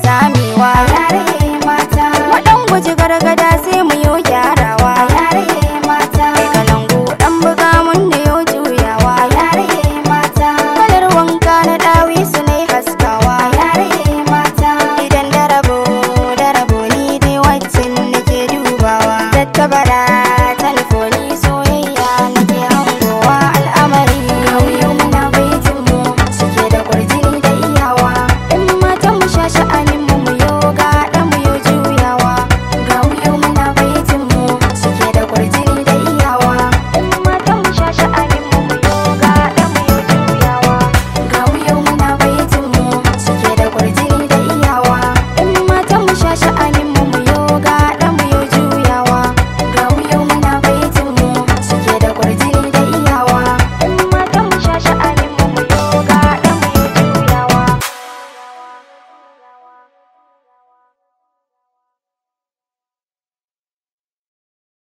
zamewa. Yare mata. Waɗan guji gargada sai mu yo gyara.